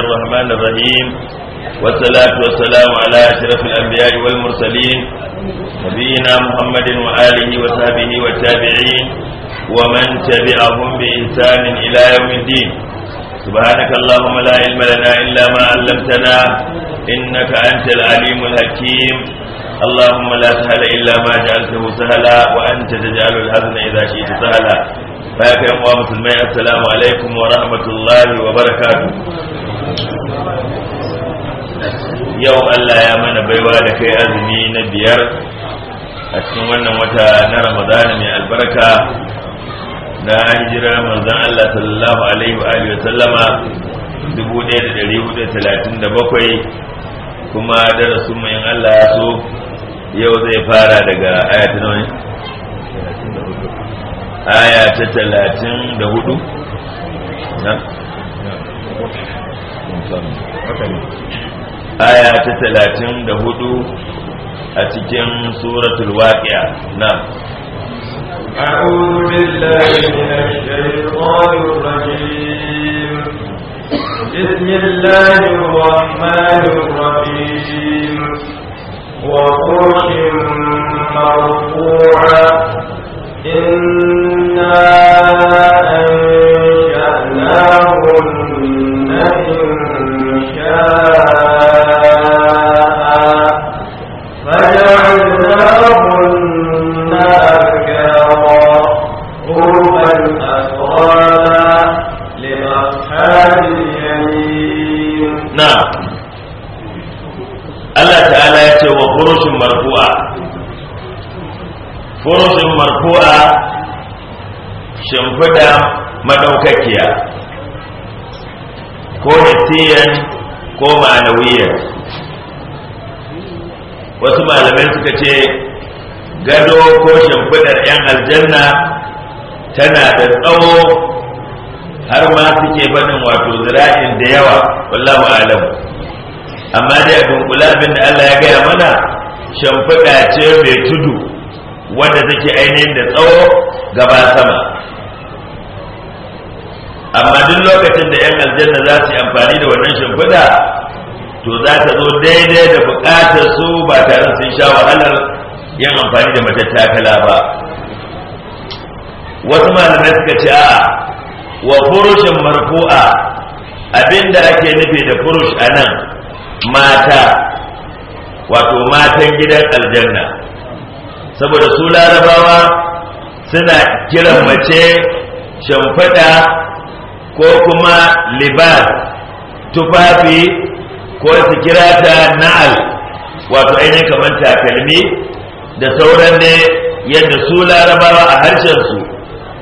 الرحمن الرحيم والصلاة والسلام على أشرف الأنبياء والمرسلين نبينا محمد وآله وصحبه والتابعين ومن تبعهم بإحسان إلى يوم الدين سبحانك اللهم لا علم لنا إلا ما علمتنا إنك أنت العليم الحكيم اللهم لا سهل إلا ما جعلته سهلا وأنت تجعل الحزن إذا شئت سهلا فيا كريم مسلمي السلام عليكم ورحمة الله وبركاته yau Allah ya mana baiwa da kai azumi na biyar a cikin wannan wata na ramadana mai albarka na hijira manzan Allah sallallahu alaihi wa alihi wa sallama 1437 kuma darasin mu Allah ya so yau zai fara daga aya ta nawa aya ta 34 na aya ta talatin da hudu a cikin suratul waqi'a na أعوذ بالله من الشيطان الرجيم بسم الله الرحمن الرحيم وفرش مرفوعة إنا أنشأناهن شاء gaba sama amma duk lokacin da yan aljanna za su yi amfani da wannan shimfiɗa to za ta zo daidai da buƙatar su ba tare sun sha wahalar yin amfani da matattakala ba wasu malamai suka ce a wa furushin marfu'a abinda ake nufi da furush a nan mata wato matan gidan aljanna saboda su larabawa suna kiran mace shamfada ko kuma libas tufafi ko su kira ta na'al wato ainihin kamar takalmi da sauran ne yadda su larabawa a harshensu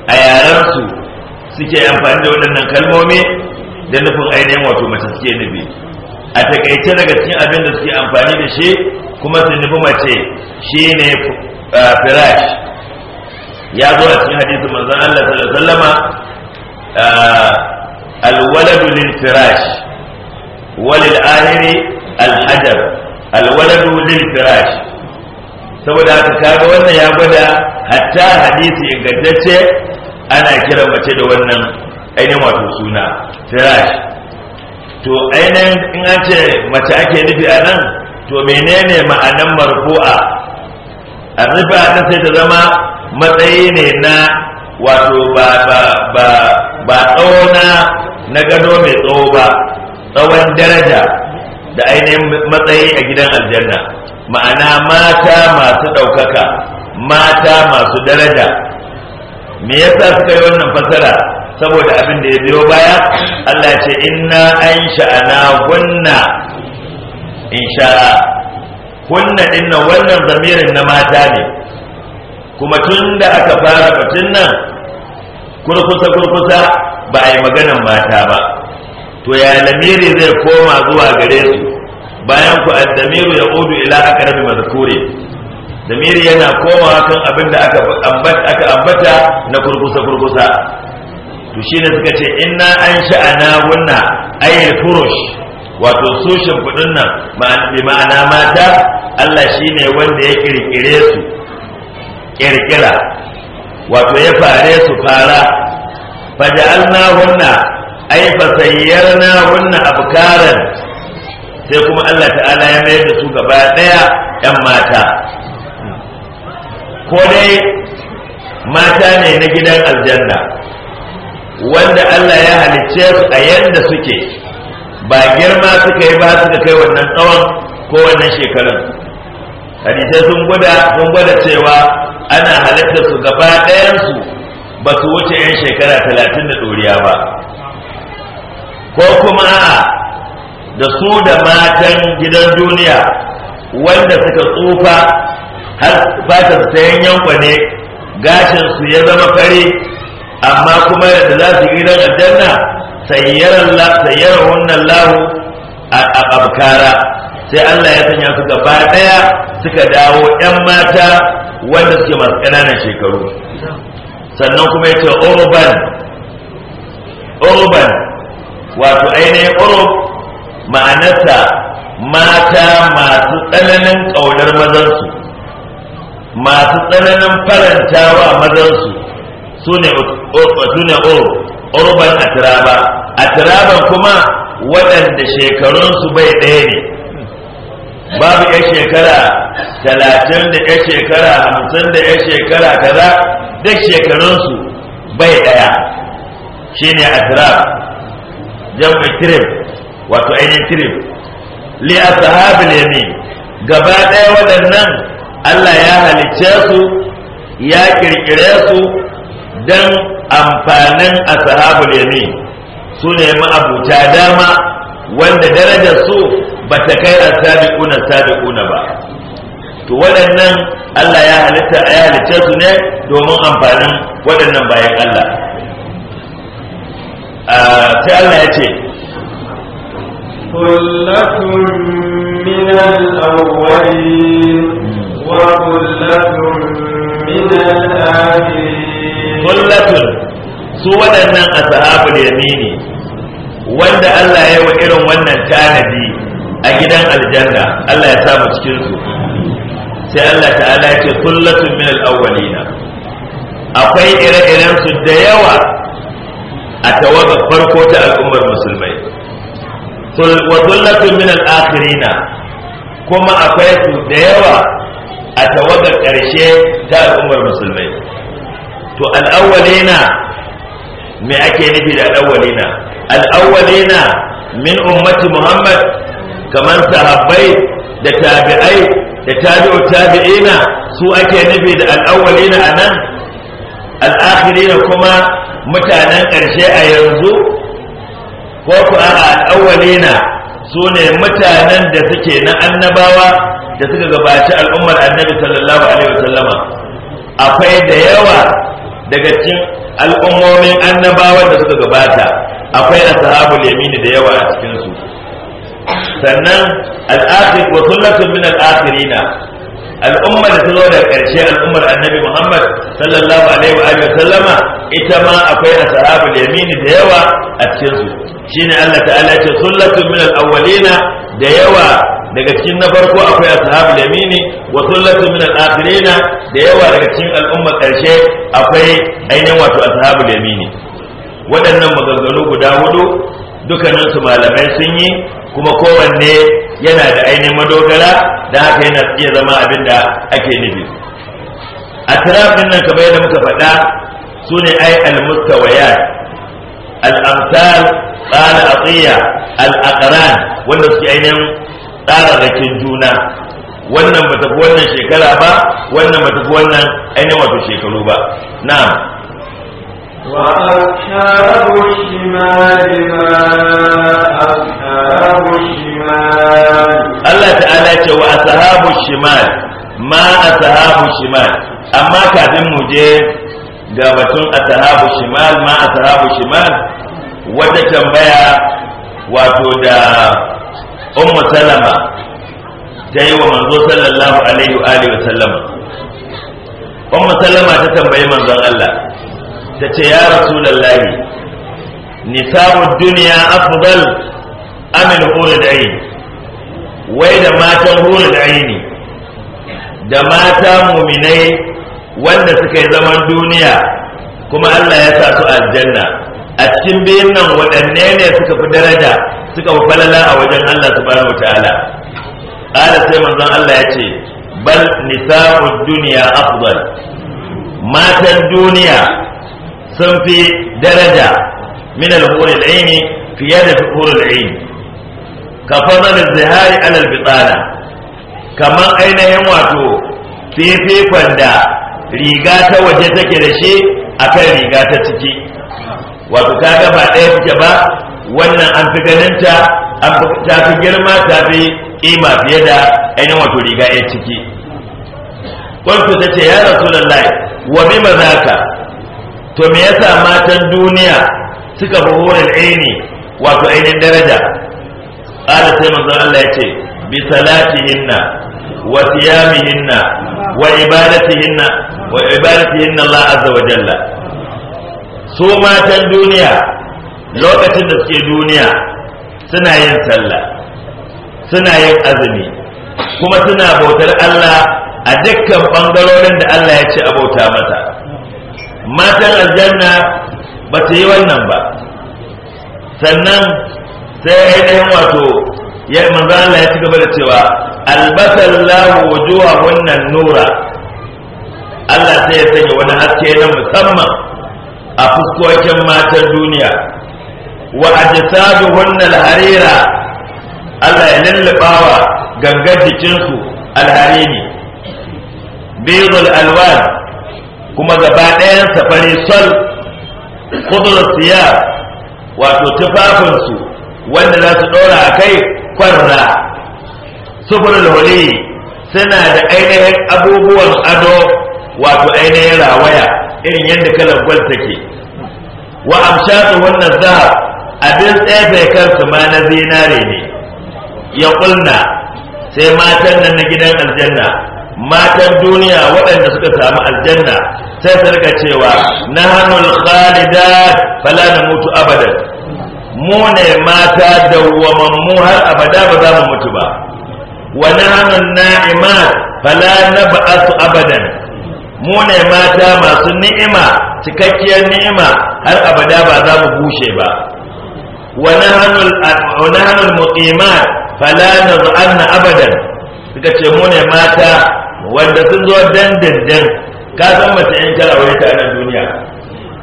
a yarensu suke amfani da waɗannan kalmomi da nufin ainihin wato mace suke nufi a takaice daga cikin abin da suke amfani da shi kuma su nufi mace shi ne ah, firash ya zo a cikin hadisi manzon Allah sallallahu alaihi wasallama waladu lil firash walil ahiri al alwaladu lil firash saboda haka kaga wannan ya gwada hatta hadisi ingantacce ana kiran mace da wannan ainihin wato suna firash to ainihin in an ce mace ake nufi a nan to menene ma'anar marfu'a a rufe a sai ta zama matsayi ne na wato ba ba ba ba tsawo na na gado mai tsawo ba tsawon daraja da ainihin matsayi a gidan aljanna ma'ana mata masu ɗaukaka mata masu daraja me yasa suka yi wannan fasara saboda abin da ya biyo baya Allah ce inna an sha'ana hunna in sha'a hunna dinnan wannan zamirin na mata ne kuma tun da aka fara batun nan kurkusa kurkusa ba a yi maganan mata ba to ya lamiri zai koma zuwa gare su bayan ku damiru ya udu ila akarabi kure? damiri yana komawa kan abin da aka ambata na kurkusa kurkusa to shi ne suka ce inna an sha'ana wunna ayyar furush wato su shimfiɗin nan bi ma'ana mata Allah shi ne wanda ya kirkire su kirkira wato ya fare su fara faja'alnahunna ay hunna abkaran sai kuma Allah ta'ala ya mayar da su gaba daya yan mata ko dai mata ne na gidan aljanna wanda Allah ya halicce su a yanda suke ba girma suka yi ba suka kai wannan tsawon ko wannan shekarun hadisai sun gwada sun gwada cewa ana halatta su gaba ɗayansu ba su wuce 'yan shekara talatin da ɗoriya ba ko kuma da su da matan gidan duniya wanda suka tsufa har ta sayan yankwa ne gashinsu ya zama fari amma kuma yadda za su gidan aljanna sayyarar wannan lahu a abkara sai Allah ya sanya su gaba daya suka dawo yan mata wanda suke masu ƙananan shekaru sannan kuma ya ce urban urban wato ainihin urb ma'anarsa mata masu tsananin ƙaunar mazansu masu tsananin farantawa mazansu su ne urban a turaba a turaban kuma waɗanda shekarunsu bai ɗaya ne babu ya shekara talatin da ya shekara hamsin da ya shekara kaza duk shekarunsu bai ɗaya a atraf jam'i tirif wato ainihin tirif li ashabil ne gaba ɗaya waɗannan Allah ya halicce su ya kirkire su don amfanin a sahabi ne su ne ma'abuta dama wanda darajar su ba ta kai asabiquna sabiquna ba to waɗannan Allah ya halitta ya halitta su ne domin amfanin waɗannan bayan Allah sai Allah ya ce kullatun min al-awwalin wa kullatun min al su waɗannan ashabul yamini wanda Allah ya yi wa irin wannan tanadi a gidan aljanna Allah ya sa mu cikin su sai Allah ta'ala ya ce kullatun min al-awwalina akwai ire-iren su da yawa a tawaga farko ta al'ummar musulmai wa kullatun min al-akhirina kuma akwai su da yawa a tawagar ƙarshe ta al'ummar musulmai to al'awwalina me ake nufi da al'awwalina al'awwalina min ummati muhammad kamar sahabbai da tabi'ai da tabi'u tabi'ina su ake nufi da al'awwalina anan, nan al'akhirina kuma mutanen ƙarshe a yanzu ko ku a al'awwalina su ne mutanen da suke na annabawa da suka gabaci al'ummar annabi sallallahu alaihi wasallama akwai da yawa daga cikin al'ummomin annabawa da suka gabata akwai ashabul yamini da yawa a cikin su sannan al'akhir wa sullatun min al'afirina al'umma da ta zo da ƙarshe al'ummar annabi Muhammad sallallahu alaihi wa alihi sallama ita ma akwai da yamini da yawa a cikin su shine Allah ta'ala ce sullatun min al da yawa daga cikin na farko akwai da yamini wa sullatun min al da yawa daga cikin al'ummar ƙarshe akwai ainihin wato da yamini waɗannan maganganu guda hudu dukkaninsu malamai sun yi kuma kowanne yana da ainihin madogara da haka yana iya zama abin da ake nufi a tirafin nan kamar yadda muka faɗa su ne ai al-amsal tsara atsiya al'akaran wanda suke ainihin tsara tsararrakin juna wannan ba tafi wannan shekara ba wannan ba tafi wannan ainihin wato shekaru ba na'am وأصحاب الشمال ما shimal ma ashabu shimal amma kafin mu je ga batun ashabu shimal ma ashabu shimal wata tambaya wato da ummu salama ta yi wa manzo sallallahu alaihi wa alihi wa sallama ummu salama ta tambayi manzon Allah ta ce ya rasulullahi nisa'ud dunya afdal amin hurul ayn wai da matan hurul aini da mata muminai wanda suka yi zaman duniya kuma Allah ya sa su aljanna a cikin biyun nan waɗanne ne suka fi daraja suka fi falala a wajen Allah subhanahu ta'ala ala sai manzon Allah ya ce bal nisa'ud duniya afdal matan duniya sun fi daraja min al-hurul aini fiye da hurul aini ka fadal zihari alal bitana kamar ainihin wato fefefan da riga ta waje take da shi a kan riga ta ciki wato ta gaba ɗaya fike ba wannan an fi ganinta ta fi girma ta fi ƙima fiye da ainihin wato riga ya ciki kwanto ta ce ya rasulallah wa ma zaka to me yasa matan duniya suka fi horar aini wato ainihin daraja ƙara sai manzon Allah ya ce bi salatihinna wa siyamihinna wa ibadatihinna wa ibadatihinna Allah wa jalla su matan duniya lokacin da suke duniya suna yin sallah suna yin azumi kuma suna bautar Allah a dukkan bangarorin da Allah ya ce a bauta mata matan aljanna ba ta yi wannan ba sannan sai ainihin wato ya manzo Allah ya ci gaba da cewa albasallahu wannan nura Allah sai ya sanya wani haske na musamman a fuskokin matan duniya wa ajsaduhunna harira, Allah ya lallabawa gangar jikinsu alharimi baydul alwan kuma gaba ɗayan safari sol siya wato tufafinsu wanda za su ɗora a kai farra sufurin wali suna da ainihin abubuwan ado wato ainihin rawaya irin yadda kalar gwal take wa amshatu wannan zahab abin tsefe kansu ma na zinare ne ya kulna sai matan nan na gidan aljanna matan duniya waɗanda suka samu aljanna sai su cewa na hannun khalida fala na mutu abadan mu ne mata mu har abada ba za mu mutu ba wa nahnun na'imat fala nab'atu abadan mu ne mata masu ni'ima cikakkiyar ni'ima har abada ba za mu bushe ba wa nahnul al-muqimat fala nad'anna abadan suka ce mu ne mata wanda sun zo dandandan ka san mace in kala aure ta a duniya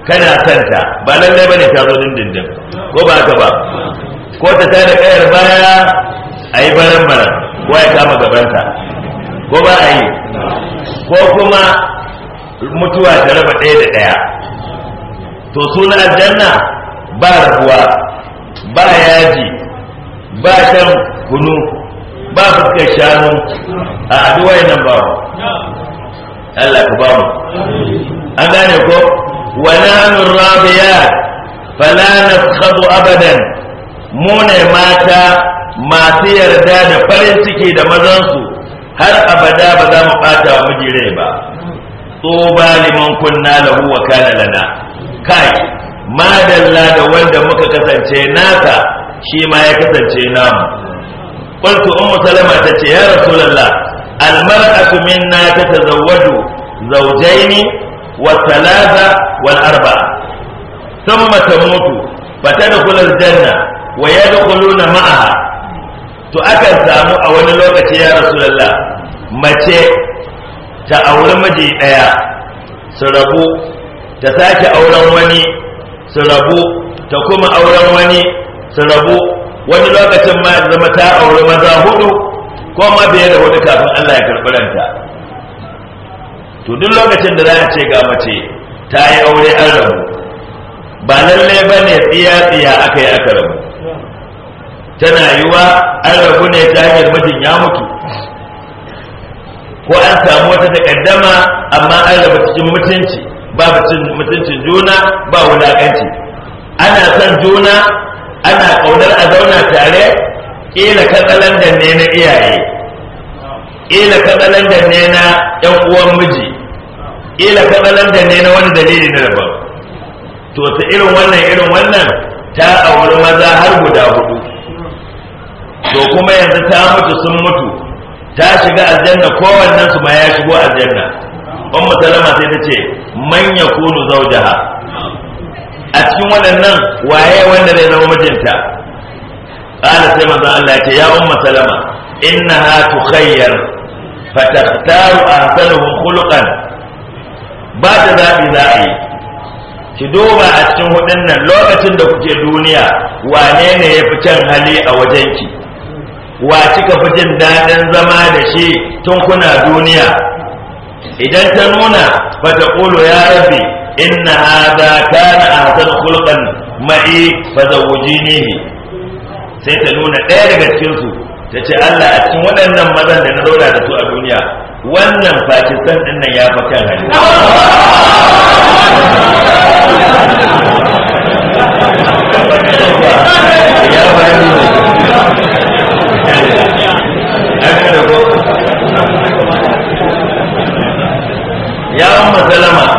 kana santa ba lallai bane ta zo dindindin ko ba ka ba ko ta tare kayar baya a yi baran baran ko ya kama gabanta ko ba a yi ko kuma mutuwa ta raba ɗaya da ɗaya to suna aljanna ba rabuwa ba yaji ba shan kunu ba fuskar shanu a aduwa nan ba Allah ku ba mu an gane ko ونحن الرابيات فلا نسخط abadan, مون mata, masu yarda da farin ciki da mazansu har abada ba za mu ɓata wa miji ba tsoba liman kunna lahu wa kana lana kai madalla da wanda muka kasance nasa shi ma ya kasance namu qultu ummu salama tace ya rasulullah almar'atu minna tatazawwaju zawjaini والثلاثة والأربعة ثم تموت فتدخل الجنة ويدخلون معها تؤكد سامو أول لوكة يا رسول الله mace ta auri miji ɗaya su rabu ta sake auren wani su rabu ta kuma auren wani su rabu wani lokacin ma zama ta auri maza hudu ko ma da hudu kafin Allah ya karɓi ranta to duk lokacin da za a ce ga mace ta yi aure an rabu ba lalle ba ne tsiya-tsiya aka yi aka rabu tana yiwa an rabu ne ta hanyar mijin ya mutu ko an samu wata takaddama amma an rabu cikin mutunci babu mutuncin juna ba wulakanci ana son juna ana kaunar a zauna tare kila katsalandan ne na iyaye kila katsalandan ne na yan uwan miji Ila fadalar da ne na wani dalili na daban to ta irin wannan irin wannan ta auri maza har guda hudu to kuma yanzu ta mutu sun mutu ta shiga aljanna wannan su ma ya shigo aljanna ummu salama sai ta ce man yakunu zawjaha a cikin waɗannan waye wanda zai zama mijinta qala sai manzon Allah ya ce ya umma salama innaha tukhayyar tahtaru ahsanahum khuluqan ba ta zaɓi za a yi ki duba a cikin hudun nan lokacin da kuke duniya wane ne ya fi can hali a wajen ki? wa kika fi jin daɗin zama da shi tun kuna duniya idan ta nuna ba ta ƙulu ya rabe inna hada kana hasan kulkan ma'i fa ne sai ta nuna ɗaya daga cikinsu. ta ce Allah a cikin waɗannan mazan da na zauna da su a duniya wannan pakistan din nan ya fi kan hali ya amma salama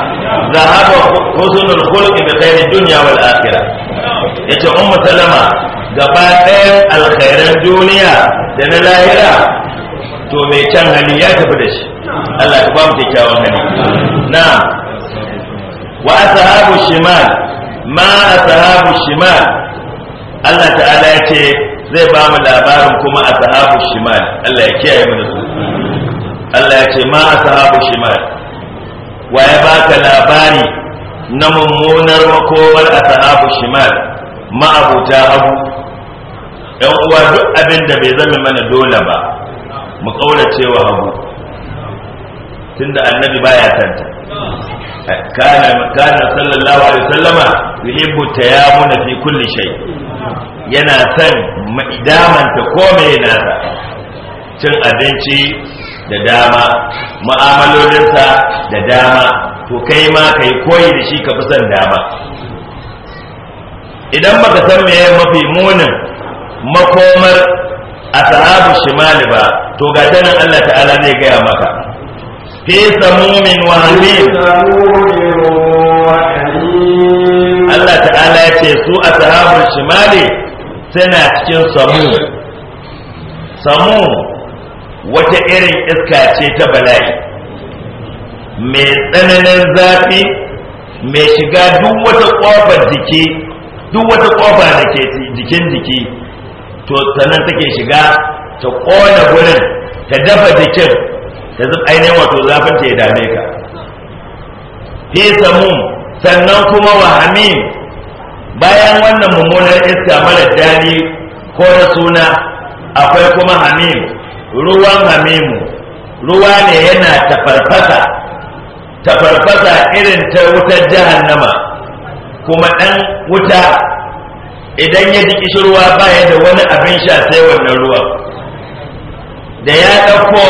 zahaba husnul khuluqi da khairi duniya wal akhirah yace umma salama gaba ɗaya alkhairan duniya da na lahira to mai can hali ya tafi da shi Allah ka ba mu kyakkyawan hali na wa ashabu shimal ma ashabu shimal Allah ta'ala ya ce zai ba mu labarin kuma ashabu shimal Allah ya kiyaye mu su Allah ya ce ma ashabu shimal wa ya baka labari na mummunar makomar ashabu shimal ma'abuta abu yan uwa duk abin da bai zama mana dole ba mu kaurace wa hagu tunda annabi baya kanta kana kana sallallahu alaihi wasallama yuhibbu tayamuna fi kulli shay yana san idamanta komai nasa cin abinci da dama mu'amalolinsa da dama ko kai ma kai koyi da shi ka fi son dama idan baka san meye mafi munin makomar ashabu shimali ba to ga nan Allah ta'ala zai gaya maka fi samumin wa Allah ta'ala ya ce su ashabu shimali suna cikin samu samu wata irin iska ce ta bala'i mai tsananin zafi mai shiga duk wata kofar jiki duk wata kofa da ke jikin jiki to sannan take shiga ta kona gurin ta dafa jikin ta zub ainihin wato zafin ta ya dame ka fi samun sannan kuma wahami bayan wannan mummunar iska mara dani ko na suna akwai kuma hamim ruwan hamimu ruwa ne yana tafarfasa tafarfasa irin ta wutar jahannama kuma ɗan wuta idan ya ji kishirwa baya da wani abin sha sai wannan ruwa da ya ɗauko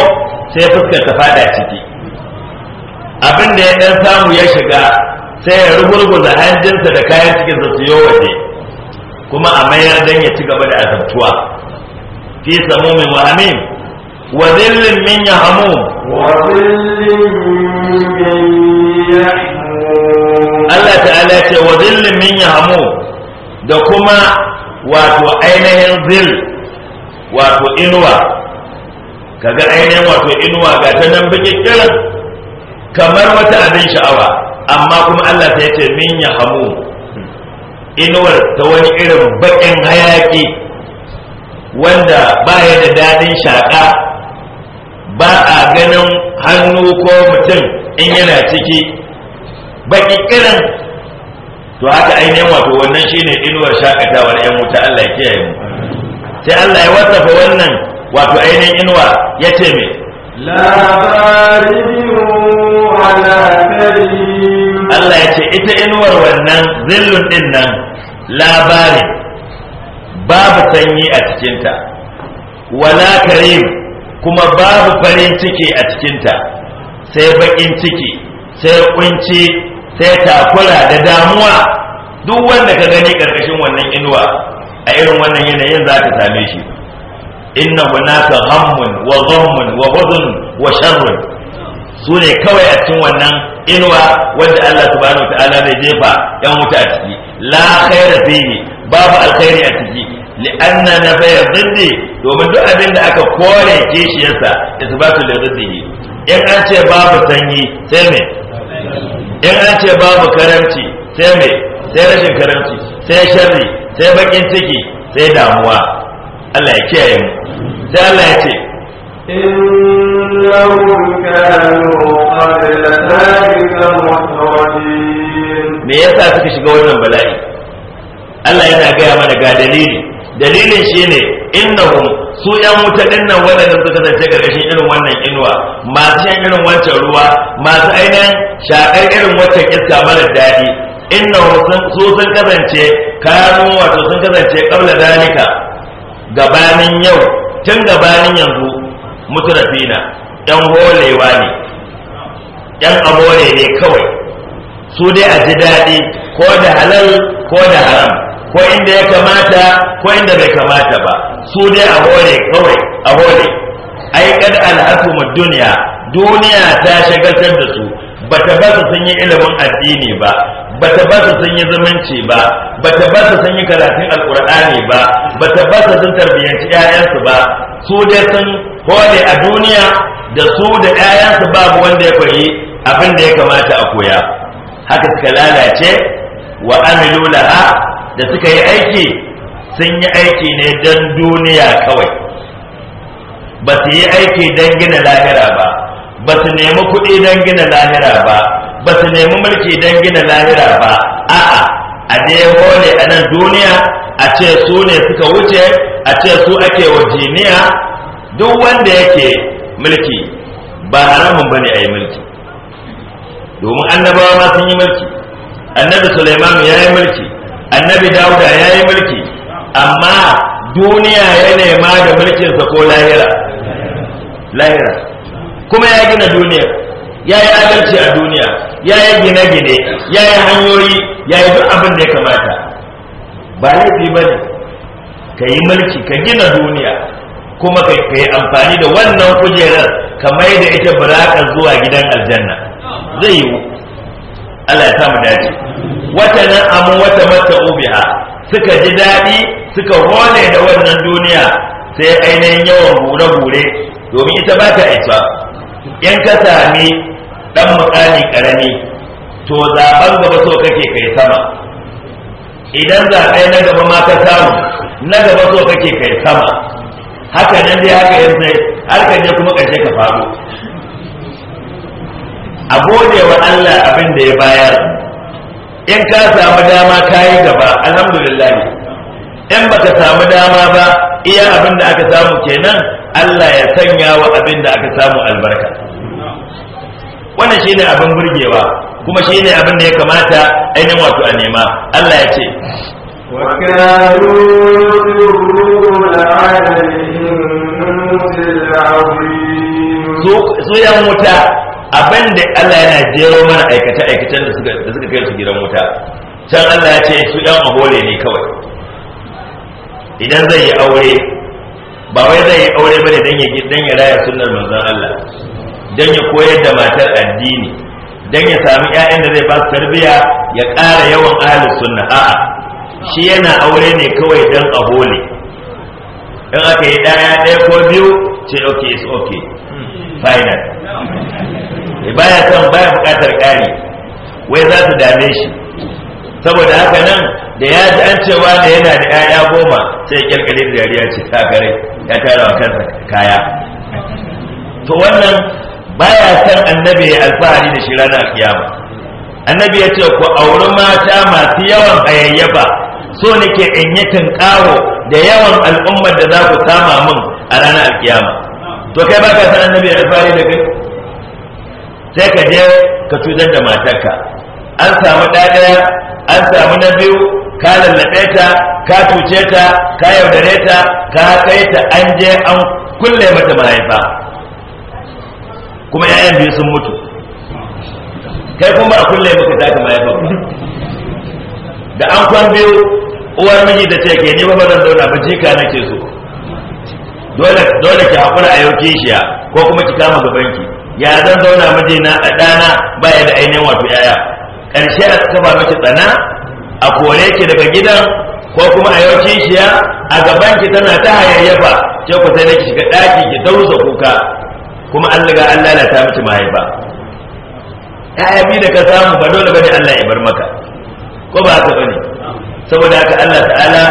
sai fuskar ta fada ciki abin da ya ɗan samu ya shiga sai ya rugurguza hanjinsa da kayan cikinsa su yi waje kuma a mayar don ya ci gaba da azabtuwa fi samumin wa amin wa zillin min ya hamu Allah ta'ala ce wa zillin min ya hamu da kuma wato ainihin zil wato inuwa kaga ainihin wato inuwa ga ta nan bikin kamar wata abin sha'awa amma kuma Allah ta yace min ya hamu inuwar ta wani irin baƙin hayaki wanda ba ya da daɗin shaƙa ba a ganin hannu ko mutum in yana ciki baki kiran to haka ainihin wato wannan shine inuwar shakatawar yan wuta Allah ya kiyaye mu sai Allah ya wasafa wannan wato ainihin inuwa ya ce me Allah ya ce ita inuwar wannan zillun din nan labarin babu sanyi a cikinta wala karim kuma babu farin ciki a cikinta sai baƙin ciki sai kunci sai takura da damuwa duk wanda ka gani karkashin wannan inuwa a irin wannan yanayin za ka same shi inna hunaka ghammun wa ghammun wa hudun wa sharrun su ne kawai a cikin wannan inuwa wanda Allah subhanahu wa ta'ala zai jefa yan wuta a ciki la khaira fihi babu alkhairi a ciki li'anna nafaya ziddi domin duk abin da aka kore kishiyarsa isbatu li in an ce babu sanyi sai me in an ce babu karamci sai mai sai rashin karamci sai sharri sai bakin ciki sai damuwa Allah ya kiyaye mu sai Allah ya ce innahum kanu qabla me yasa suka shiga wannan bala'i Allah yana gaya mana ga dalili dalilin shine innahum su yan wuta dinnan waɗannan suka kasance gargashin irin wannan inuwa masu shan irin wancan ruwa masu ainihin shaƙar irin wancan iska mara daɗi inna su sun kasance kanu wato sun kasance ƙaula dalika gabanin yau tun gabanin yanzu mutarafina yan holewa ne yan abore ne kawai su dai a ji daɗi ko da halal ko da haram ko inda ya kamata ko inda bai kamata ba su dai a hore kawai a hore ai kad alhatu duniya duniya ta shagaltar da su bata ba su sun yi ilimin addini ba bata ba su sun yi zumunci ba bata ba su sun yi karatun alkur'ani ba bata ba su sun tarbiyyanci 'ya'yansu ba su dai sun hore a duniya da su da 'ya'yansu babu wanda ya koyi abin da ya kamata a koya haka suka lalace wa amilu laha da suka yi aiki sun yi aiki ne don duniya kawai ba su yi aiki don gina lahira ba ba su nemi kuɗi don gina lahira ba ba su nemi mulki don gina lahira ba a'a a nemo ne a nan duniya a ce su ne suka wuce a ce su ake wa jiniya duk wanda yake mulki ba haramun ba ne a yi mulki domin annabawa ma sun yi mulki annabi suleiman ya yi mulki annabi dauda ya yi mulki amma duniya ya nema da mulkinsa ko lahira lahira kuma ya gina duniya ya yi adalci a duniya ya yi gine-gine ya yi hanyoyi ya yi duk abin da ya kamata ba laifi ba ne ka yi mulki ka gina duniya kuma ka yi amfani da wannan kujerar ka mai da ita buraka zuwa gidan aljanna zai yiwu Allah ya sa mu dace wata nan amu wata mata ubiha suka ji daɗi suka hone da wannan duniya sai ainihin yawan gure-gure domin ita ba ta isa in ka sami ɗan mukami ƙarami to zaben gaba so kake kai sama idan zaɓe na gaba ma ka samu na gaba so kake kai sama haka nan dai haka yanzu har ka je kuma ƙarshe ka faɗo a gode wa Allah abin da ya bayar in ka samu dama ka yi gaba alhamdulillah in baka samu dama ba iya abin da aka samu kenan Allah ya sanya wa abin da aka samu albarka wannan shine abin burgewa kuma shine abin da ya kamata ainihin wato a nema Allah ya ce su yan wuta abin da Allah yana jero mana aikata aikatan da suka kai su gidan wuta can Allah ya ce su ɗan abole ne kawai idan zai yi aure ba wai zai yi aure bane dan ya dan ya raya sunnar manzon Allah dan ya koyar da matar addini dan ya sami ƴaƴan da zai ba su tarbiyya ya ƙara yawan ahlus sunna a'a shi yana aure ne kawai dan abole in aka yi ɗaya ɗaya ko biyu ce okay is okay final eh, baya son baya bukatar ƙari wai za su dame shi saboda haka nan da ya ji an cewa da yana da 'ya'ya goma sai kyalkyale da dariya ce ta kare ya tara wa kansa kaya to wannan baya son annabi ya alfahari da shi ranar kiyama annabi ya ce ku auri mata masu yawan hayayyafa so nake in yi tunƙawo da yawan al'ummar da za ku kama min a ranar kiyama to kai ba ka san annabi alfahari da kai sai ka je ka cutar da matarka an samu ɗaya an samu na biyu ka lallaɓe ta ka cuce ta ka yaudare ta ka kai ta an je an kulle mata mahaifa kuma 'ya'yan biyu sun mutu kai kuma a kulle maka taka mahaifa da an kwan biyu uwar miji da ce ke ni ba zan zauna ba jika nake so dole dole ki hakura a yau kishiya ko kuma ki kama gabanki ya zan zauna mijina a ɗana baya da ainihin wato yaya karshe a kafa miki tsana a kore ki daga gidan ko kuma a yau kishiya a gabanki tana ta hayayyafa ce ku sai ki shiga daki ki dauza kuka kuma an liga an lalata miki mahaifa ya'ya bi da ka samu ba dole bane Allah ya bar maka ko ba haka bane saboda haka Allah ta'ala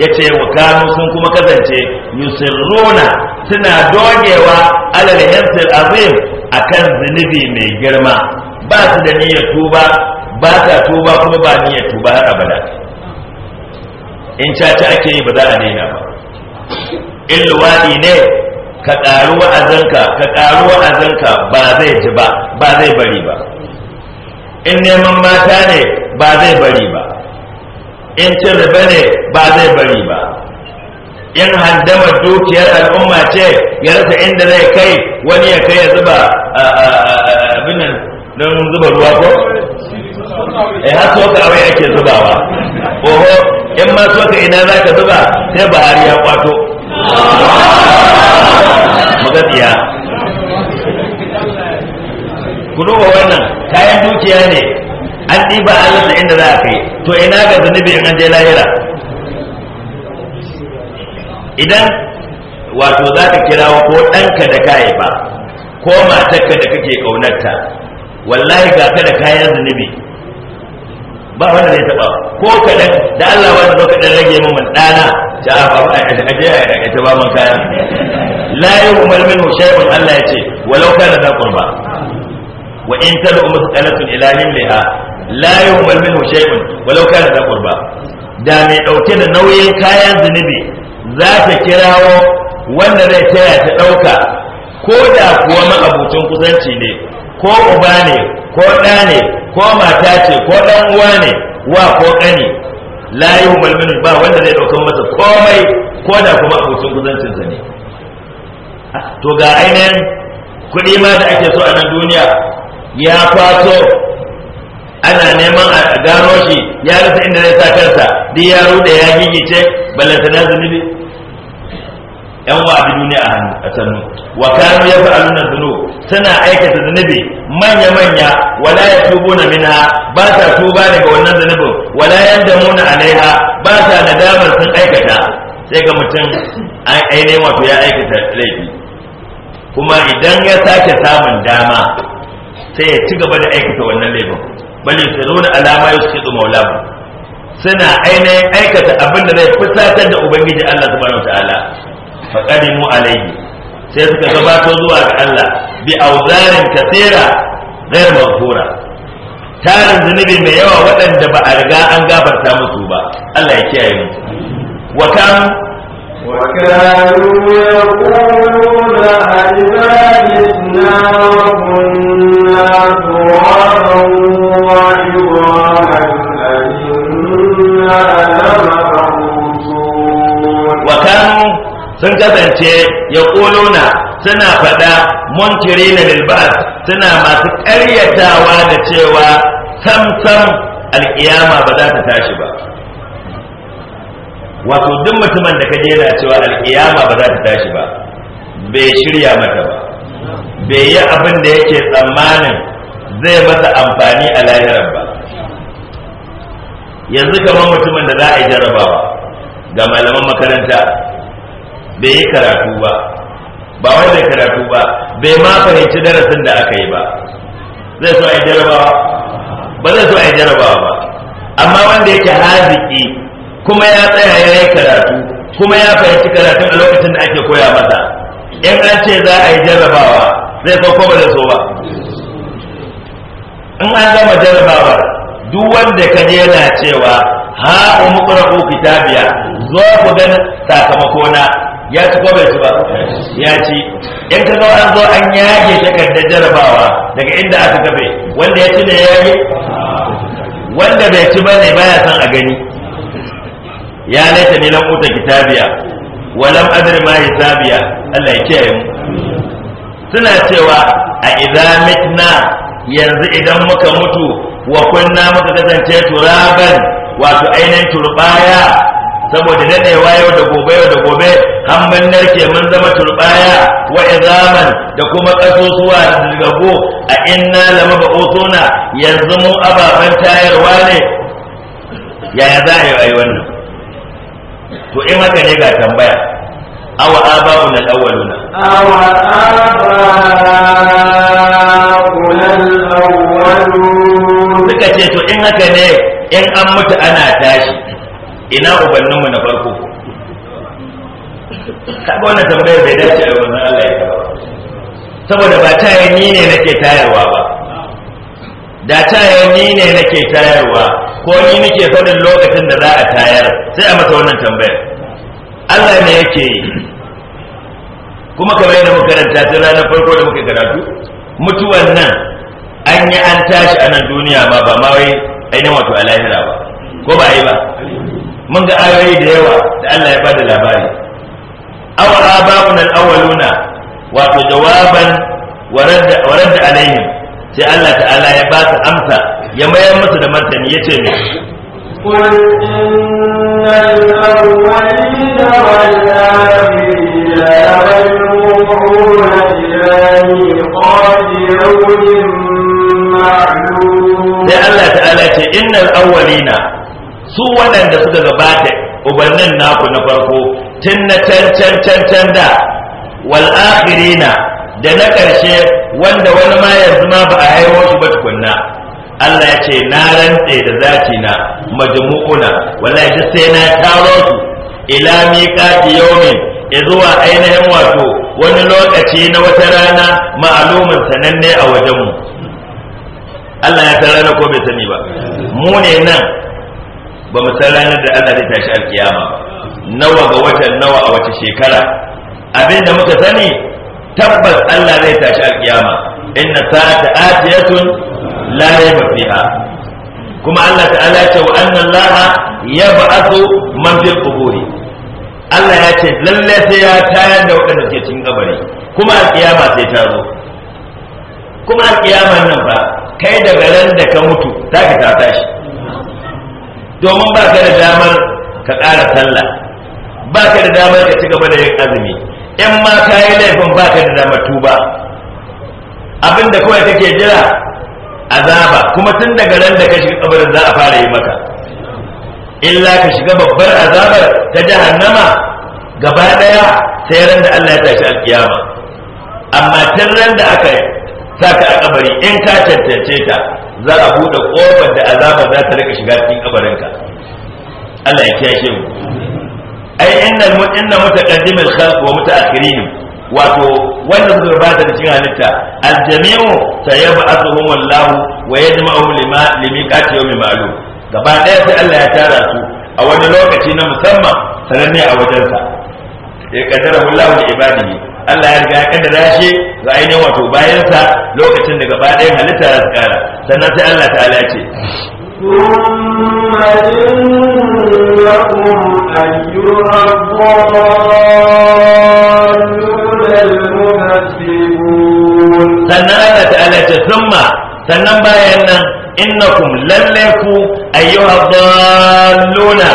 yace wa kanu sun kuma kasance yusirruna suna dogewa alal hirsir azim akan zunubi mai girma ba su da niyyar tuba ba ta tuba kuma ba niyyar tuba har abada in caca ake yi ba za a daina ba in luwaɗi ne ka ƙaru wa'azinka ka ƙaru wa'azinka ba zai ji ba ba zai bari ba in neman mata ne ba zai bari ba in cin riba ne ba zai bari ba in handama dukiyar al'umma ce ya rasa inda zai kai wani ya kai ya zuba abin don zuba ruwa ko eh har so ka wai ake zubawa oho in ma so ka ina za ka zuba sai bahari ya kwato magadiya ku duba wannan kayan dukiya ne an ba Allah da inda za a kai to ina ga zunubi in an je lahira idan wato za ka kirawo ko ɗanka da ka haifa ko matarka da kake ƙaunarta wallahi ga ka da kayan zunubi ba wanda zai taɓa ko ka da Allah wanda zo ka kaɗan rage min man ɗana ta a aje a ta ba man kayan la yi umar min shay'un Allah ya ce walau kana da qurba wa in tad'u mutaqalatun ilahin liha la yuhmal minhu shay'un walau kana da ba, da mai ɗauke da nauyin kayan zunubi za ta kirawo wanda zai taya ta ɗauka. ko da kuwa ma'abucin kusanci ne ko uba ne ko ɗa ne ko mata ce ko ɗan uwa ne wa ko ƙani la yuhmal minhu ba wanda zai ɗaukan masa komai ko da kuma abucin kusancinsa ne to ga ainihin kuɗi ma da ake so a nan duniya ya kwato ana neman a gano shi ya rasa inda zai sa kansa duk ya rude ya gigice na zunubi yan wa abin duniya a hannu a sannu wa kanu ya fa'alu na zunu suna aikata zunubi manya manya wala ya tubo na mina ba sa tuba daga wannan zunubin wala na alaiha ba sa nadamar sun aikata sai ga mutum ainihin wato ya aikata laifi kuma idan ya sake samun dama sai ya ci gaba da aikata wannan laifin bal yusiruna ala ma yusidu maulahu suna ainihin aikata abin da zai fusatar da ubangiji Allah subhanahu wataala faqadimu alayhi sai suka gabato zuwa ga Allah bi auzarin katira ghair maghfura tarin zunubi mai yawa waɗanda ba a riga an gafarta musu ba Allah ya kiyaye mu wa wa ce ya ƙuluna suna faɗa munkiri na bilbas suna masu ƙaryatawa da cewa samsam alƙiyama ba za ta tashi ba wato duk mutumin da ka jera cewa alƙiyama ba za ta tashi ba bai shirya mata ba bai yi abin da yake tsammanin zai masa amfani a lahirar ba yanzu kamar mutumin da za a yi jarabawa ga malaman makaranta bai yi karatu ba ba wai bai karatu ba bai ma fahimci darasin da aka yi ba zai so a yi jarabawa ba zai so a yi jarabawa ba amma wanda yake haziki kuma ya tsaya ya yi karatu kuma ya fahimci karatu a lokacin da ake koya masa in an ce za a yi jarabawa zai so ko ba zai so ba in an gama jarabawa duk wanda ka je yana cewa ha umu kitabiya zo ku sakamako sakamakona ya ci ko bai ci ba ya ci in ka an zo an yage takardar jarabawa daga inda aka kafe wanda ya ci da yage wanda bai ci ba ne baya son a gani ya laita ne lan uta kitabiya walam adri ma hisabiya Allah ya kiyaye mu suna cewa a idza mitna yanzu idan muka mutu wa kunna muka kasance turaban wato ainihin turbaya saboda daɗewa yau da gobe yau da gobe an mun narke mun zama turbaya wa izaman da kuma ƙasusuwa da gago a inna lama ba yanzu mu ababen tayarwa ne yaya za a yi wannan to in haka ne ga tambaya awa aba'una al-awwaluna awa aba'una al-awwaluna suka ce to in haka ne in an mutu ana tashi ina ubanninmu na farko kaga wannan tambayar bai dace da wannan Allah ya kawo saboda ba tayar ni ne nake tayarwa ba da tayar ni ne nake tayarwa ko ni nake faɗin lokacin da za a tayar sai a masa wannan tambayar Allah ne yake yi kuma kamar yadda muka karanta tun ranar farko da muka karatu mutuwan nan an yi an tashi a nan duniya ma ba ma wai ainihin wato a lahira ba ko ba yi ba mun ga ayoyi da yawa da Allah ya ba da labari aw babu al-awwaluna wato jawaban warad warad alaihim sai Allah ta'ala ya ba ta amsa ya mayar musu da martani yace me قل إن الأولين والآخرين لمجموعون إلى ميقات يوم معلوم. لأن الله تعالى إن الأولين su waɗanda suka gabata ubannin naku na farko tun na can can can da wal'afirina, da na ƙarshe wanda wani ma yanzu ma ba a haihuwa shi ba tukunna Allah ya ce na rantse da zati na majmu'una wallahi duk sai na taro su ila miqati yawmin zuwa ainihin wato wani lokaci na wata rana ma'alumin sananne a wajenmu Allah ya san ko bai sani ba mu ne nan ba mu san ranar da Allah zai tashi alkiyama nawa ga watan nawa a wace shekara abin da muka sani tabbas Allah zai tashi alkiyama inna sa'ata atiyatun la rayba fiha kuma Allah ta'ala ya ce wa anna Allah yab'athu man fil quburi Allah ya ce lalle sai ya tayar da wadanda ke cikin kabari kuma alkiyama sai ta zo kuma alkiyama nan ba kai daga ran da ka mutu ta ka tashi domin ba ka da damar ka ƙara sallah ba ka da damar ka ci gaba da yin azumi in ma ka yi laifin ba ka da damar tuba abinda kawai kake jira azaba kuma tun daga ran da ka shiga kabarin za a fara yi maka illa ka shiga babbar azabar ta jahannama gaba daya sai ran da Allah ya tashi alkiyama amma tun ran da aka sa ka a kabari in ka cancance ta za a buɗe ƙofar da azaba za ta rika shiga cikin kabarinka Allah ya kiyashe mu ai innal inna mutaqaddimul khalq wa mutaakhirin wato wanda suka ba da cikin halitta aljami'u sayab'athuhum Allah wa yajma'uhum lima limiqati yawmi ma'lum gaba ɗaya sai Allah ya tara su a wani lokaci na musamman sananne a wajensa ya kaddara Allah da ibadihi Allah ya riga ya kaddara shi ga ainihin wato bayan sa lokacin da gaba ɗaya halitta za su kara sannan sai Allah ta'ala ya ce sannan Allah ta'ala ce summa sannan bayan nan innakum lalle ku ayyuha dalluna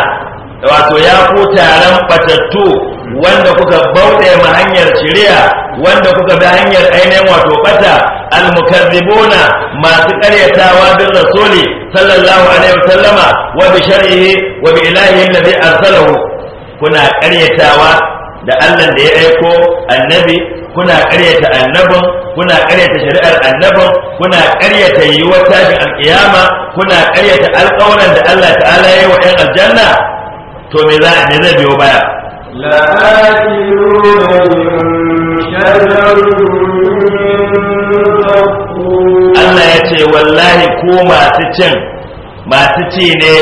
wato ya ku taron batattu wanda kuka bauɗe ma hanyar shiriya wanda kuka bi hanyar ainihin wato bata almukazzibuna masu karyatawa bin rasuli sallallahu alaihi wasallama wa bi shar'ihi wa bi ilahihi alladhi arsalahu kuna karyatawa da Allah da ya aiko annabi kuna karyata annabin kuna karyata shari'ar annabin kuna karyata yiwuwar tashin alkiyama kuna karyata alƙawaran da Allah ta'ala ya yi wa 'yan aljanna to me za a biyo baya Allah ya ce wallahi ko masu cin masu ci ne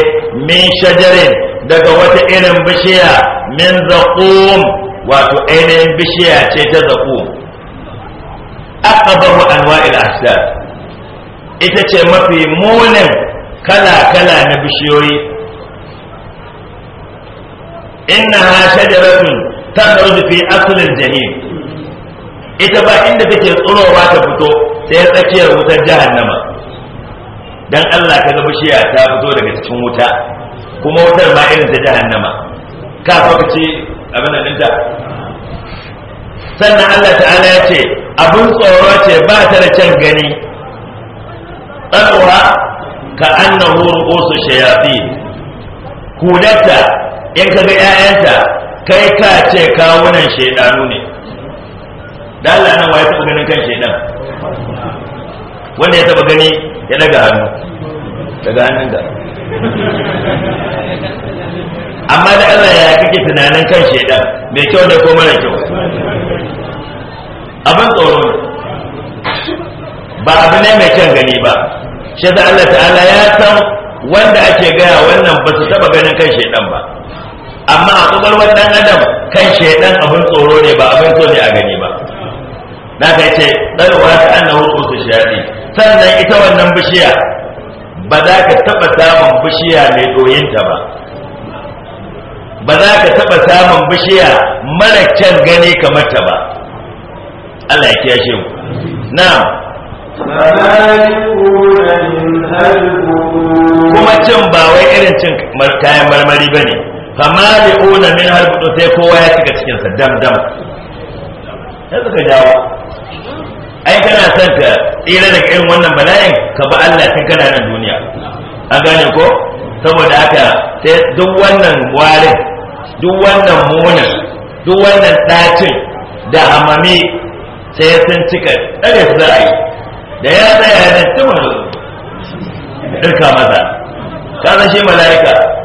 min shajarin daga wata irin bishiya min zaƙum wato ainihin bishiya ce ta zaƙum aqbahu anwa'il ahsab ita ce mafi munin kala-kala na bishiyoyi innaha shajaratun takhruju fi aslil jahim ita ba inda take tsurowa ta fito sai tsakiyar wutar jahannama dan Allah ka ga bishiya ta fito daga cikin wuta kuma wutar ma irin ta jahannama ka fa ka ce abin nan ta sannan Allah ta'ala ya ce abin tsoro ce ba ta da can gani tsanuwa ka annahu ru'usu shayatin kudatta in ka ga 'ya'yanta kai ka ce kawunan shaidanu ne da Allah nan waye taɓa ganin kan shaidan wanda ya taɓa gani ya daga hannu daga hannun da amma da Allah ya kake tunanin kan shaidan mai kyau da ko mara kyau abin tsoro ne ba abu ne mai kyan gani ba shi da Allah ta'ala ya san wanda ake gaya wannan ba su taɓa ganin kan shaidan ba amma a kwakwalwar dan adam kan shaidan abin tsoro ne ba abin so ne a gani ba na ka ce ɗarwa ta an na su shaɗi sannan ita wannan bishiya ba za ka taɓa samun bishiya mai doyinta ba ba za ka taɓa samun bishiya mara can gani kamar ta ba Allah ya kiyashe ku na kuma cin ba wai irin cin kayan marmari ba ne famali'una min halbutu sai kowa ya cika cikin sa dam dam sai suka jawo ai kana son ka tsira daga irin wannan bala'in ka ba Allah tun kana nan duniya an gane ko saboda haka sai duk wannan warin duk wannan munin duk wannan ɗacin da hamami sai sun cika dare su za a yi da ya tsaya ya nan da wani ɗirka maza ka shi mala'ika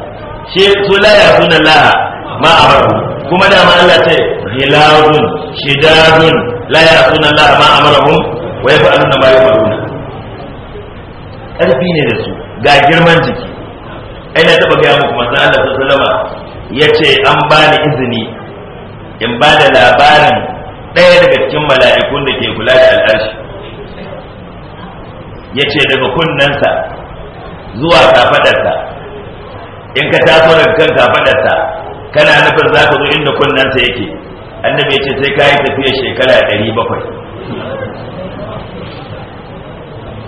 shi su la suna la ma kuma da ma Allah ce gilazun shidadun la suna la ma amaruhum wa yaf'aluna ma yu'maruna ƙarfi ne da su ga girman jiki ai na taba gaya muku masu Allah salama Ya ce an bani izini in ba da labarin ɗaya daga cikin mala'ikun da ke kula da al'arshi ce daga kunnensa zuwa kafadarsa in ka taso daga kan kafadarsa kana nufin za ka zo inda kunnensa yake annabi ya ce sai ka yi tafiya shekara ɗari bakwai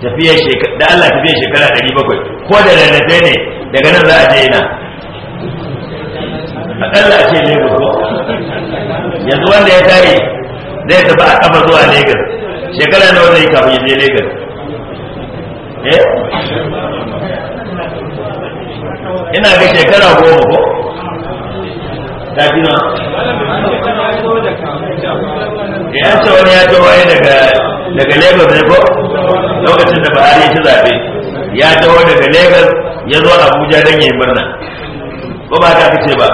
tafiya shekara da Allah tafiya shekara ɗari bakwai ko da rarrafe ne daga nan za a je ina a a ce lagos ko yanzu wanda ya tare zai tafi a kafa zuwa lagos shekara nawa zai kafin ya je lagos eh ina ga shekara goma ko dajina ya ce wani ya tawaye daga daga lagos ne ko lokacin da buhari ya ci zaɓe ya tawo daga lagos ya zo abuja don yi murna ko ba ta ce ba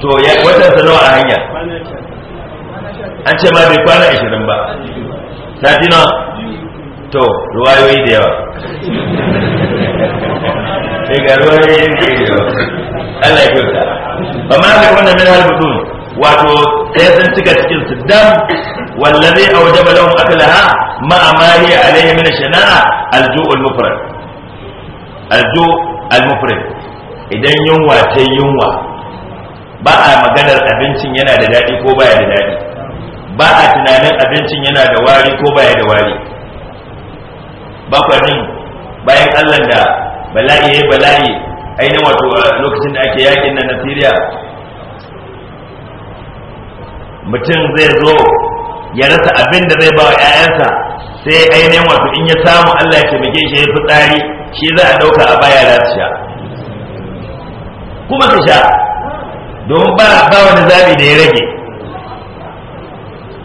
to watan sa nawa a hanya an ce ma bai kwana ashirin ba dajina to ruwayoyi da yawa sai ga ruwayoyi da yawa Allah ya kyauta ba ma ga wannan min halbutun wato ɗaya sun cika cikin su dam wallazi awjaba lahum aklaha ma ma hiya alayhi min shana'a alju'u almufrad alju'u almufrad idan yunwa ta yunwa ba a maganar abincin yana da daɗi ko baya da daɗi ba a tunanin abincin yana da wari ko baya da wari bakwai bayan Allah da bala'i yayi bala'i ainihin wato lokacin da ake yakin nan na Nasiriya, mutum zai zo ya rasa abin da zai ba wa 'ya'yansa sai ainihin wato in ya samu Allah ya taimake shi ya tsari shi za a ɗauka a baya za su sha kuma su sha domin ba ba wani zabi da ya rage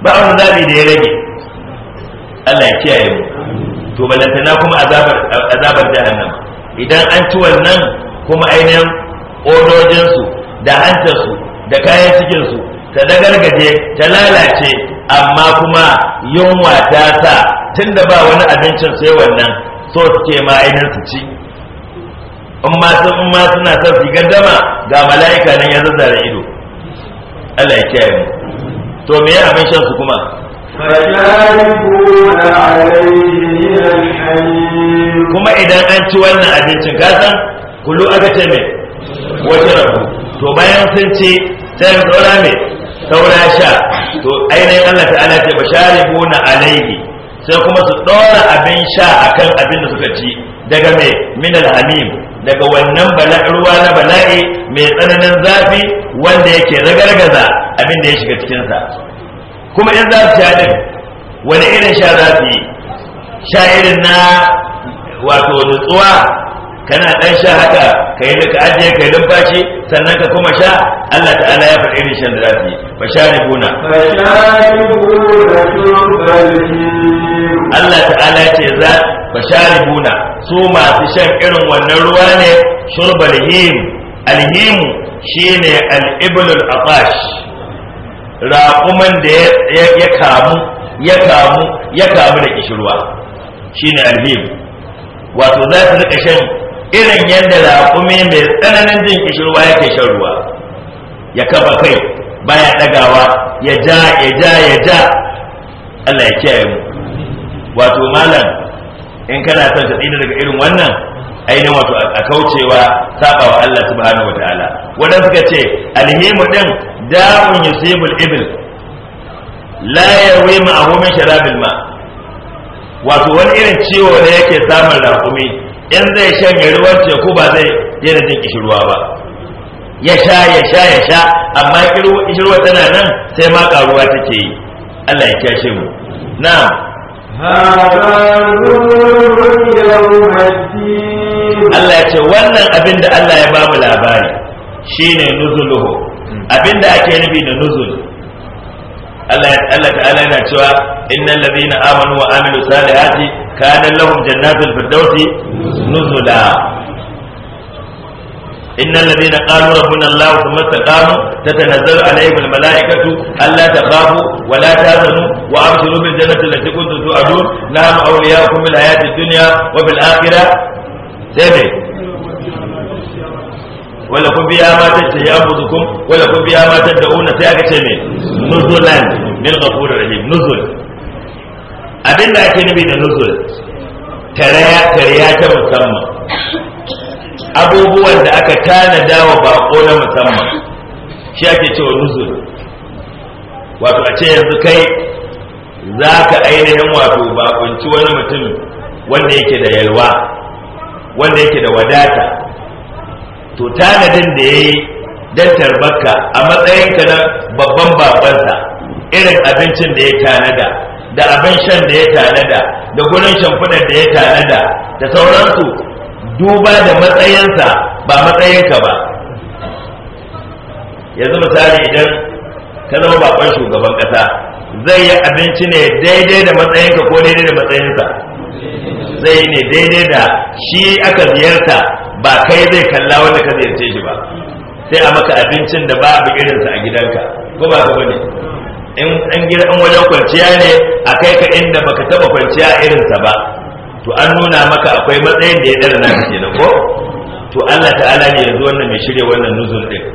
ba wani zabi da ya rage Allah ya kiyaye mu to balantana kuma azabar azabar idan an ci wannan kuma ainihin odojinsu da hantarsu da kayan cikinsu ta dagargaje ta lalace amma kuma yunwa ta sa da ba wani abincin sai wannan so suke ma ainihin su ci in ma sun ma suna son su gandama ga mala'ika nan ya zazzara ido Allah ya kiyaye mu to me abin shan su kuma kuma idan an ci wannan abincin kasan kulu aka ce mai wace rabu to bayan sun ci sai saura mai saura sha to ainihin Allah ta'ala ce ba sharibu na alaihi sai kuma su tsora abin sha akan abin da suka ci daga mai min hamim daga wannan ruwa na bala'i mai tsananin zafi wanda yake ragargaza abin da ya shiga cikinsa kuma in za su sha din wani irin sha za su yi sha irin na wato nutsuwa kana dan sha haka ka yi ka ajiye ka yi lumfashi sannan ka kuma sha Allah ta'ala ya faɗi irin shan da za su yi ba sha ni ribuna Allah ta'ala ce za fa sha ribuna su masu shan irin wannan ruwa ne shurbal him alhimu shine al-iblul aqash raƙuman da ya kamu ya kamu ya kamu da kishirwa shine alhim wato za su rika shan irin yadda raƙumi mai tsananin jin kishirwa yake shan ruwa ya kafa kai baya ɗagawa ya ja ya ja ya ja Allah ya kiyaye mu wato malam in kana son ka tsina daga irin wannan ainihin wato a kaucewa saba wa Allah subhanahu wataala wadanda suka ce alhimu din da'un yusibul ibil la ma abu min sharabil ma wato wani irin ciwo da yake samun raƙumi in zai shanye ruwan teku ba zai yana jin kishirwa ba ya sha ya sha ya sha amma kishirwa tana nan sai ma karuwa take yi Allah ya kyashe mu na Allah ya ce wannan abin da Allah ya ba mu labari shine nuzuluhu abinda ake nufi da nuzul Allah ta'ala yana cewa innal ladina amanu wa amilu salihati kana lahum jannatul firdausi nuzula إن الذين قالوا ربنا الله ثم استقاموا تتنزل عليهم الملائكة ألا تخافوا ولا تهزنوا وأبشروا بالجنة التي كنتم توعدون نحن أولياؤكم في الحياة الدنيا وفي الآخرة سبع wala kun biya ma tadda ya kun? wala kun biya ma da una sai aka ce me nuzulan min ghafur rahim nuzul Abin da ake nufi da nuzul taraya taraya ta musamman abubuwan da aka tanada ba ko na musamman shi ake cewa nuzul wato a ce yanzu kai za ka ainihin wato bakunci wani mutum wanda yake da yalwa wanda yake da wadata to tanadin da ya yi don tarbaka, a matsayinka na babban babansa irin abincin da ya tanada da abin shan da ya tanada da gurin shimfiɗar da ya tanada da sauransu duba da matsayinsa ba matsayinka ba yanzu misali idan ka zama baban shugaban ƙasa zai yi abinci ne daidai da matsayinka ko daidai da matsayinsa zai ne daidai da shi aka ziyarta ba kai zai kalla wanda ka ziyarce shi ba sai a maka abincin da babu irinsa a gidanka ko ba ka ne? in an gida an wajen kwanciya ne a kai ka inda baka taba kwanciya irinsa ba to an nuna maka akwai matsayin da ya dara na nan ko to Allah ta'ala ne yanzu wannan mai shirya wannan nuzul din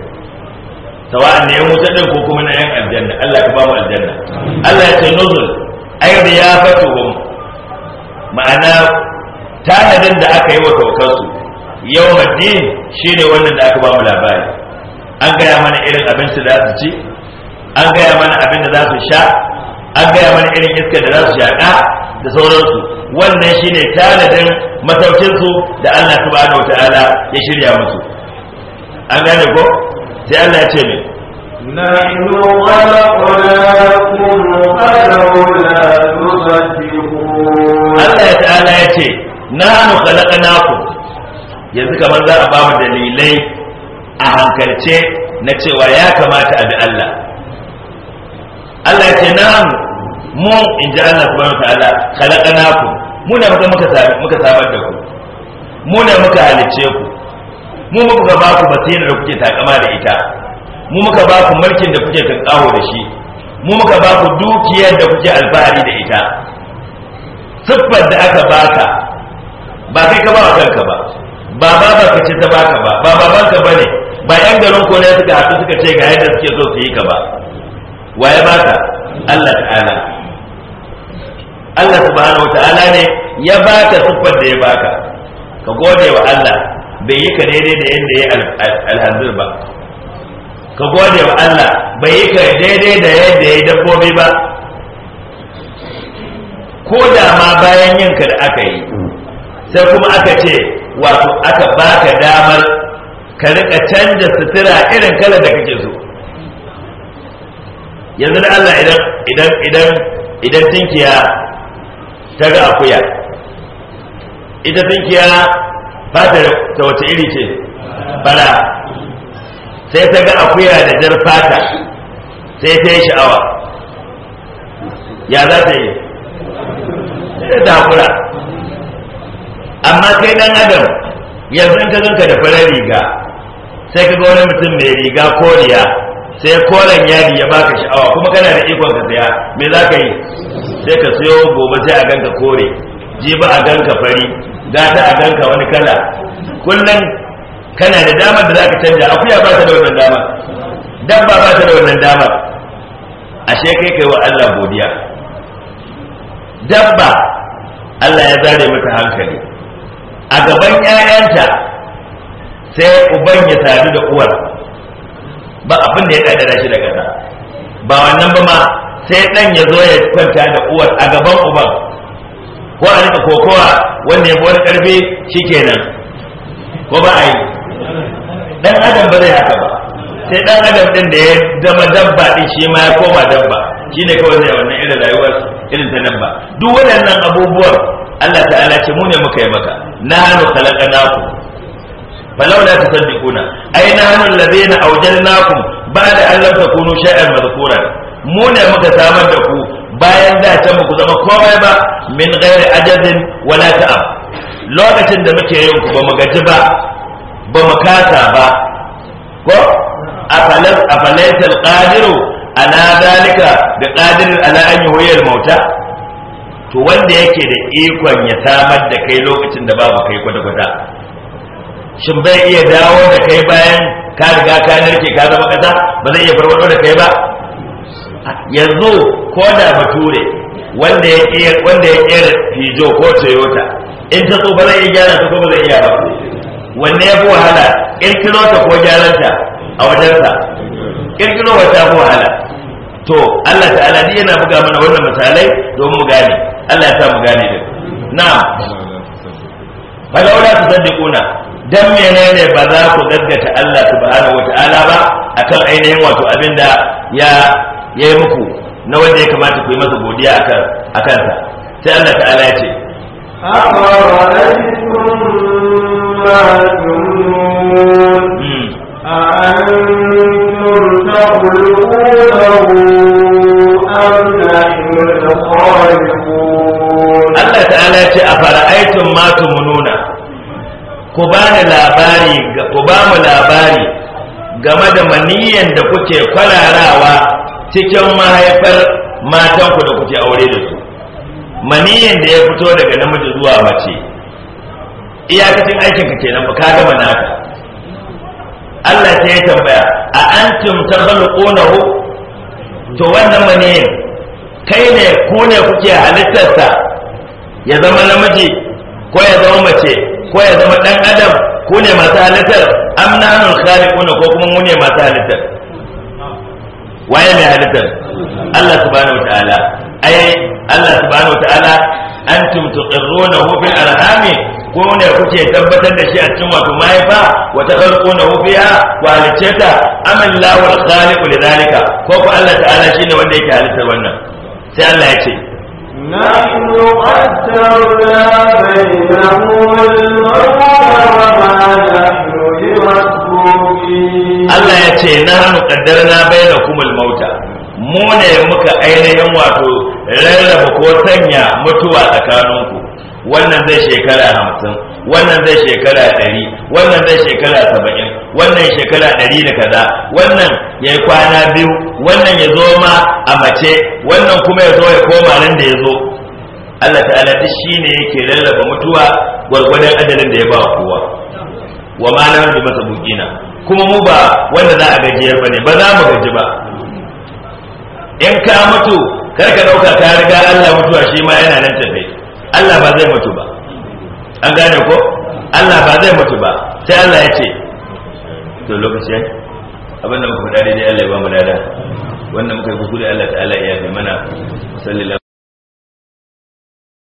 sawa'an ne yan wuta din ko kuma na yan aljanna Allah ka ba mu aljanna Allah ya ce nuzul ay riyafatuhum ma'ana tanadin da aka yi wa tawakkalsu yau addin shi ne wannan da aka ba mu labari an gaya mana irin abinci da su ci an gaya mana abin da za su sha an gaya mana irin iskar da za su shaƙa da sauransu wannan shi ne tanadin masaukinsu da allah subhanahu ta'ala ya shirya musu an gane ko sai allah ya ce mai نحن خلقناكم فلولا ya ce na يتي نحن خلقناكم yanzu kamar za a ba mu dalilai a hankalce na cewa ya kamata a bi Allah Allah ce na'am mu in ji Allah subhanahu ta'ala ku, mu ne muka muka samar da ku mu ne muka halice ku mu muka ba ku basira da kuke takama da ita mu muka ba ku mulkin da kuke kankawo da shi mu muka ba ku dukiyar da kuke alfahari da ita siffar da aka baka ba kai ka ba kanka ba ba baba ka ce ta baka ba ba ba ka bane ba yan garin ko ne suka haɗu suka ce ga yadda suke so su yi ka ba waye ka? Allah ta'ala Allah subhanahu wata'ala ne ya ba ka siffar da ya ba ka Ka gode wa Allah bai yi ka daidai da yadda ya alhazir ba ka gode wa Allah bai yi ka daidai da yadda ya dabbobi ba ko da ma bayan yin ka da aka yi sai kuma aka ce wato aka baka damar ka rika canja sutura irin kalar da kake so yanzu da Allah idan idan idan idan tinkiya ta ga akuya ita tinkiya ba ta ta wace iri ce bala sai ta ga akuya da jar fata sai ta yi sha'awa ya za ta yi ta hakura amma sai dan adam yanzu ka ganka da farar riga sai ka ga wani mutum mai riga koriya sai koren yadi ya baka sha'awa kuma kana da ikon ka saya me za ka yi sai ka siyo gobe sai a ganka kore jibi a ganka fari gata a ganka wani kala kullum kana da damar da za ka canja akuya ba ta da wannan dama dabba ba ta da wannan dama ashe kai kai wa Allah godiya dabba Allah ya zare mata hankali a gaban 'ya'yanta sai uban ya sadu da uwar ba abin da ya kaddara shi daga ta ba wannan ba ma sai dan ya zo ya kwanta da uwar a gaban uban ko a rika kokowa wanda ya bi wani shi kenan ko ba a yi dan adam ba zai haka ba sai dan adam din da ya zama dabba din shi ma ya koma dabba shine kawai zai wannan irin rayuwar irin ta dabba duk waɗannan abubuwan Allah ta'ala ce mu ne muka yi maka Na naku. Falau ta kuna. nahnu na falawla tusaddiquna ay nahnu naku. Ba ba'da an lam kunu sha'ar madhkura mu ne muka samar da ku bayan da can ku zama komai ba min ghairi ajazin wala ta'ab lokacin da muke yin ku ba mu gaji ba ba mu kasa ba ko afalaysa alqadiru ala zalika ƙadirin ala an yuhyil mauta to wanda yake da ikon ya samar da kai lokacin da babu kai kwata-kwata shin bai iya dawo da kai bayan ka riga ka narke ka zama kasa ba zai iya farwado da kai ba yanzu ko da bature wanda ya iya wanda ya iya fijo ko toyota in ta so ba zai iya gyara ta ko ba zai iya ba wanne ya fi wahala kirkiro ta ko gyaran ta a wajensa kirkiro wata fi wahala to Allah ta'ala ni yana buga mana wannan misalai don mu gane Allah ya sa mu gane da na wala tusaddiquna dan menene ba za ku gaggata Allah subhanahu wataala ba akan ainihin wato abinda ya yayi muku na wanda ya kamata ku yi masa godiya akan akan sa sai Allah ta'ala ya ce أَفَرَأَيْتُمْ مَا hmm. ce a fara'aitun matu mununa ku bani labari ku ba mu labari game da maniyan da kuke kwararawa cikin mahaifar matanku da kuke aure da su maniyan da ya fito daga namiji zuwa mace iyakacin aikinka kenan ba ka gama naka Allah Ta ya tambaya a antum takhluqunahu to wannan maniyan kai ne ku ne kuke halittarsa ya zama namiji ko ya zama mace ko ya zama dan adam ku ne masu halittar am nahnu khaliquna ko kuma mu ne masu halittar waye mai halittar Allah subhanahu wataala ai Allah subhanahu wataala antum tuqirrunahu fil arhami ko ne kuke tabbatar da shi a cikin wato mahaifa wa takhalqunahu fiha wa halicata amal lahu al khaliqu lidhalika ko ko Allah ta'ala shine wanda yake halittar wannan sai Allah ya ce نحن قدرنا ce الموت وما نحن بمسبوقين الله na نحن قدرنا بينكم الموت mu ne muka ainihin wato rarraba ko sanya mutuwa tsakaninku wannan zai shekara hamsin wannan zai shekara ɗari wannan zai shekara saba'in wannan shekara ɗari da kaza wannan ya yi kwana biyu wannan ya zo ma a mace wannan kuma ya zo ya koma nan da ya zo Allah ta'ala duk shi ne yake lallaba mutuwa gwargwadon adadin da ya ba kowa wa ma na da masa bukina kuma mu ba wanda za a gajiyar ba ne ba za mu gaji ba in ka mutu kar ka ɗauka ka riga Allah mutuwa shi ma yana nan tafe Allah ba zai mutu ba an gane ko Allah ba zai mutu ba sai Allah ya ce to lokaci yayi abin da muka faɗa dai Allah ya ba mu dada wannan muka yi kuskure Allah ta'ala ya yi mana sallallahu